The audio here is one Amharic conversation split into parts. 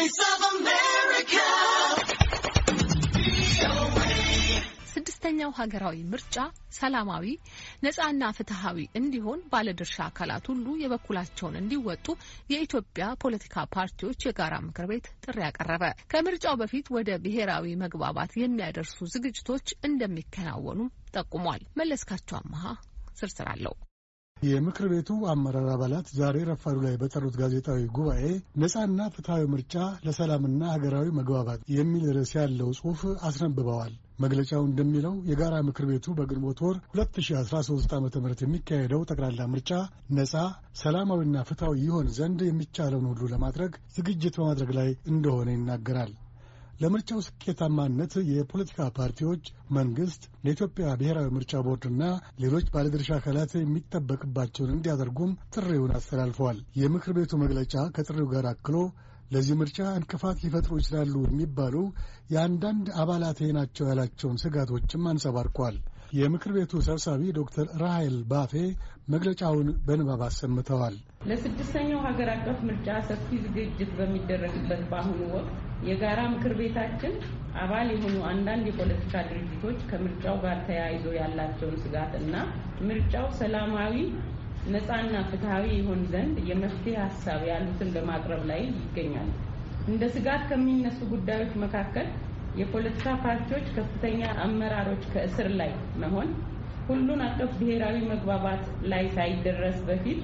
Voice of America. ስድስተኛው ሀገራዊ ምርጫ ሰላማዊ ነጻና ፍትሐዊ እንዲሆን ባለድርሻ አካላት ሁሉ የበኩላቸውን እንዲወጡ የኢትዮጵያ ፖለቲካ ፓርቲዎች የጋራ ምክር ቤት ጥሪ ያቀረበ። ከምርጫው በፊት ወደ ብሔራዊ መግባባት የሚያደርሱ ዝግጅቶች እንደሚከናወኑ ጠቁሟል። መለስካቸው አመሃ አለው። የምክር ቤቱ አመራር አባላት ዛሬ ረፋዱ ላይ በጠሩት ጋዜጣዊ ጉባኤ ነፃና ፍትሐዊ ምርጫ ለሰላምና ሀገራዊ መግባባት የሚል ርዕስ ያለው ጽሑፍ አስነብበዋል። መግለጫው እንደሚለው የጋራ ምክር ቤቱ በግንቦት ወር 2013 ዓ ም የሚካሄደው ጠቅላላ ምርጫ ነፃ፣ ሰላማዊና ፍትሐዊ ይሆን ዘንድ የሚቻለውን ሁሉ ለማድረግ ዝግጅት በማድረግ ላይ እንደሆነ ይናገራል። ለምርጫው ስኬታማነት የፖለቲካ ፓርቲዎች፣ መንግስት ለኢትዮጵያ ብሔራዊ ምርጫ ቦርድና ሌሎች ባለድርሻ አካላት የሚጠበቅባቸውን እንዲያደርጉም ጥሪውን አስተላልፈዋል። የምክር ቤቱ መግለጫ ከጥሪው ጋር አክሎ ለዚህ ምርጫ እንቅፋት ሊፈጥሩ ይችላሉ የሚባሉ የአንዳንድ አባላት ናቸው ያላቸውን ስጋቶችም አንጸባርቋል። የምክር ቤቱ ሰብሳቢ ዶክተር ራሄል ባፌ መግለጫውን በንባብ አሰምተዋል። ለስድስተኛው ሀገር አቀፍ ምርጫ ሰፊ ዝግጅት በሚደረግበት በአሁኑ ወቅት የጋራ ምክር ቤታችን አባል የሆኑ አንዳንድ የፖለቲካ ድርጅቶች ከምርጫው ጋር ተያይዞ ያላቸውን ስጋት እና ምርጫው ሰላማዊ ነፃና ፍትሐዊ ይሆን ዘንድ የመፍትሄ ሀሳብ ያሉትን በማቅረብ ላይ ይገኛል። እንደ ስጋት ከሚነሱ ጉዳዮች መካከል የፖለቲካ ፓርቲዎች ከፍተኛ አመራሮች ከእስር ላይ መሆን፣ ሁሉን አቀፍ ብሔራዊ መግባባት ላይ ሳይደረስ በፊት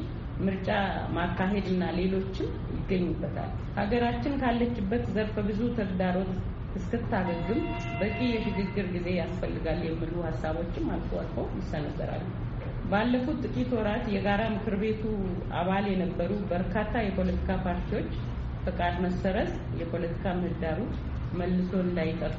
ምርጫ ማካሄድ እና ሌሎችም ይገኙበታል። ሀገራችን ካለችበት ዘርፈ ብዙ ተግዳሮት እስክታገግም በቂ የሽግግር ጊዜ ያስፈልጋል የሚሉ ሀሳቦችም አልፎ አልፎ ይሰነዘራሉ። ባለፉት ጥቂት ወራት የጋራ ምክር ቤቱ አባል የነበሩ በርካታ የፖለቲካ ፓርቲዎች ፈቃድ መሰረዝ የፖለቲካ ምህዳሩ መልሶ እንዳይጠፉ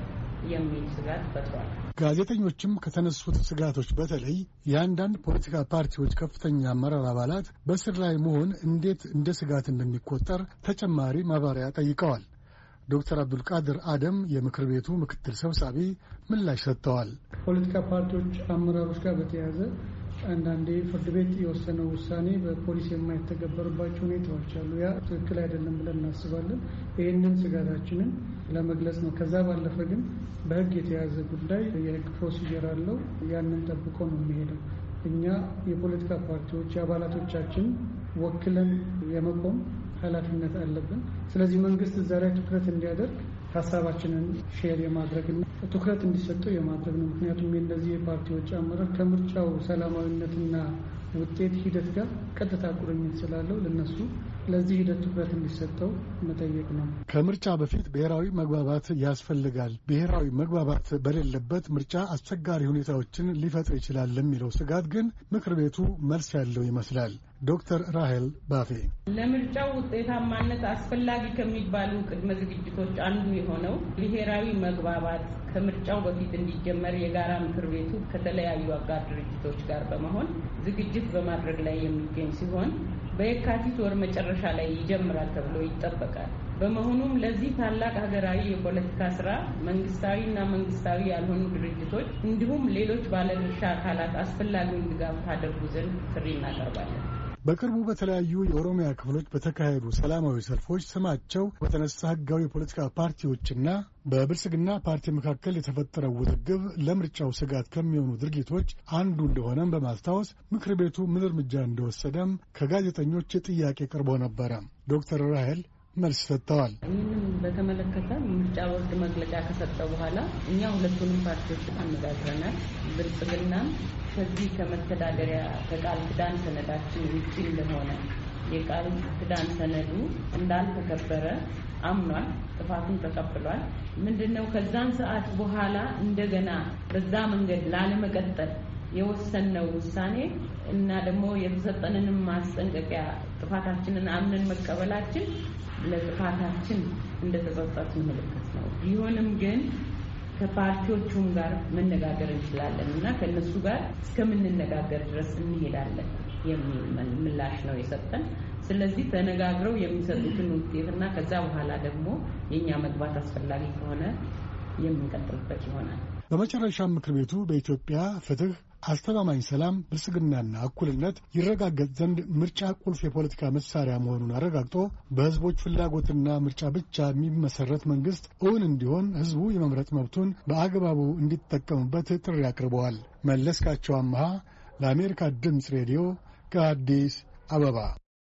የሚል ስጋት ፈጥሯል። ጋዜጠኞችም ከተነሱት ስጋቶች በተለይ የአንዳንድ ፖለቲካ ፓርቲዎች ከፍተኛ አመራር አባላት በስር ላይ መሆን እንዴት እንደ ስጋት እንደሚቆጠር ተጨማሪ ማብራሪያ ጠይቀዋል። ዶክተር አብዱልቃድር አደም የምክር ቤቱ ምክትል ሰብሳቢ ምላሽ ሰጥተዋል። ፖለቲካ ፓርቲዎች አመራሮች ጋር በተያያዘ አንዳንዴ ፍርድ ቤት የወሰነው ውሳኔ በፖሊስ የማይተገበርባቸው ሁኔታዎች አሉ። ያ ትክክል አይደለም ብለን እናስባለን። ይህንን ስጋታችንን ለመግለጽ ነው። ከዛ ባለፈ ግን በህግ የተያዘ ጉዳይ የህግ ፕሮሲጀር አለው። ያንን ጠብቆ ነው የሚሄደው። እኛ የፖለቲካ ፓርቲዎች የአባላቶቻችን ወክለን የመቆም ኃላፊነት አለብን። ስለዚህ መንግስት እዛ ላይ ትኩረት እንዲያደርግ ሀሳባችንን ሼር የማድረግና ትኩረት እንዲሰጠው የማድረግ ነው። ምክንያቱም የእነዚህ የፓርቲዎች አመራር ከምርጫው ሰላማዊነትና ውጤት ሂደት ጋር ቀጥታ ቁርኝት ስላለው ለነሱ ለዚህ ሂደት ትኩረት እንዲሰጠው መጠየቅ ነው። ከምርጫ በፊት ብሔራዊ መግባባት ያስፈልጋል። ብሔራዊ መግባባት በሌለበት ምርጫ አስቸጋሪ ሁኔታዎችን ሊፈጥር ይችላል ለሚለው ስጋት ግን ምክር ቤቱ መልስ ያለው ይመስላል። ዶክተር ራሄል ባፌ ለምርጫው ውጤታማነት አስፈላጊ ከሚባሉ ቅድመ ዝግጅቶች አንዱ የሆነው ብሔራዊ መግባባት ከምርጫው በፊት እንዲጀመር የጋራ ምክር ቤቱ ከተለያዩ አጋር ድርጅቶች ጋር በመሆን ዝግጅት በማድረግ ላይ የሚገኝ ሲሆን በየካቲት ወር መጨረሻ ላይ ይጀምራል ተብሎ ይጠበቃል። በመሆኑም ለዚህ ታላቅ ሀገራዊ የፖለቲካ ስራ መንግስታዊና መንግስታዊ ያልሆኑ ድርጅቶች እንዲሁም ሌሎች ባለድርሻ አካላት አስፈላጊውን ድጋፍ ታደርጉ ዘንድ ጥሪ እናቀርባለን። በቅርቡ በተለያዩ የኦሮሚያ ክፍሎች በተካሄዱ ሰላማዊ ሰልፎች ስማቸው በተነሳ ህጋዊ የፖለቲካ ፓርቲዎችና በብልጽግና ፓርቲ መካከል የተፈጠረው ውዝግብ ለምርጫው ስጋት ከሚሆኑ ድርጊቶች አንዱ እንደሆነም በማስታወስ ምክር ቤቱ ምን እርምጃ እንደወሰደም ከጋዜጠኞች ጥያቄ ቀርቦ ነበረ። ዶክተር ራሄል መልስ ሰጥተዋል። ይህንም በተመለከተ ምርጫ ቦርድ መግለጫ ከሰጠ በኋላ እኛ ሁለቱንም ፓርቲዎች አነጋግረናል። ብልጽግናም ከዚህ ከመተዳደሪያ ከቃል ኪዳን ሰነዳችን ውጪ እንደሆነ የቃል ኪዳን ሰነዱ እንዳልተከበረ አምኗል፣ ጥፋቱን ተቀብሏል። ምንድን ነው ከዛን ሰዓት በኋላ እንደገና በዛ መንገድ ላለመቀጠል የወሰነው ውሳኔ እና ደግሞ የተሰጠንንም ማስጠንቀቂያ ጥፋታችንን አምነን መቀበላችን ለጥፋታችን እንደተጸጸትን ምልክት ነው። ቢሆንም ግን ከፓርቲዎቹም ጋር መነጋገር እንችላለን እና ከእነሱ ጋር እስከምንነጋገር ድረስ እንሄዳለን የሚል ምላሽ ነው የሰጠን። ስለዚህ ተነጋግረው የሚሰጡትን ውጤት እና ከዛ በኋላ ደግሞ የእኛ መግባት አስፈላጊ ከሆነ የምንቀጥልበት ይሆናል። በመጨረሻ ምክር ቤቱ በኢትዮጵያ ፍትህ አስተማማኝ ሰላም፣ ብልጽግናና እኩልነት ይረጋገጥ ዘንድ ምርጫ ቁልፍ የፖለቲካ መሳሪያ መሆኑን አረጋግጦ በህዝቦች ፍላጎትና ምርጫ ብቻ የሚመሰረት መንግስት እውን እንዲሆን ሕዝቡ የመምረጥ መብቱን በአግባቡ እንዲጠቀምበት ጥሪ አቅርበዋል። መለስካቸው አምሃ ለአሜሪካ ድምፅ ሬዲዮ ከአዲስ አበባ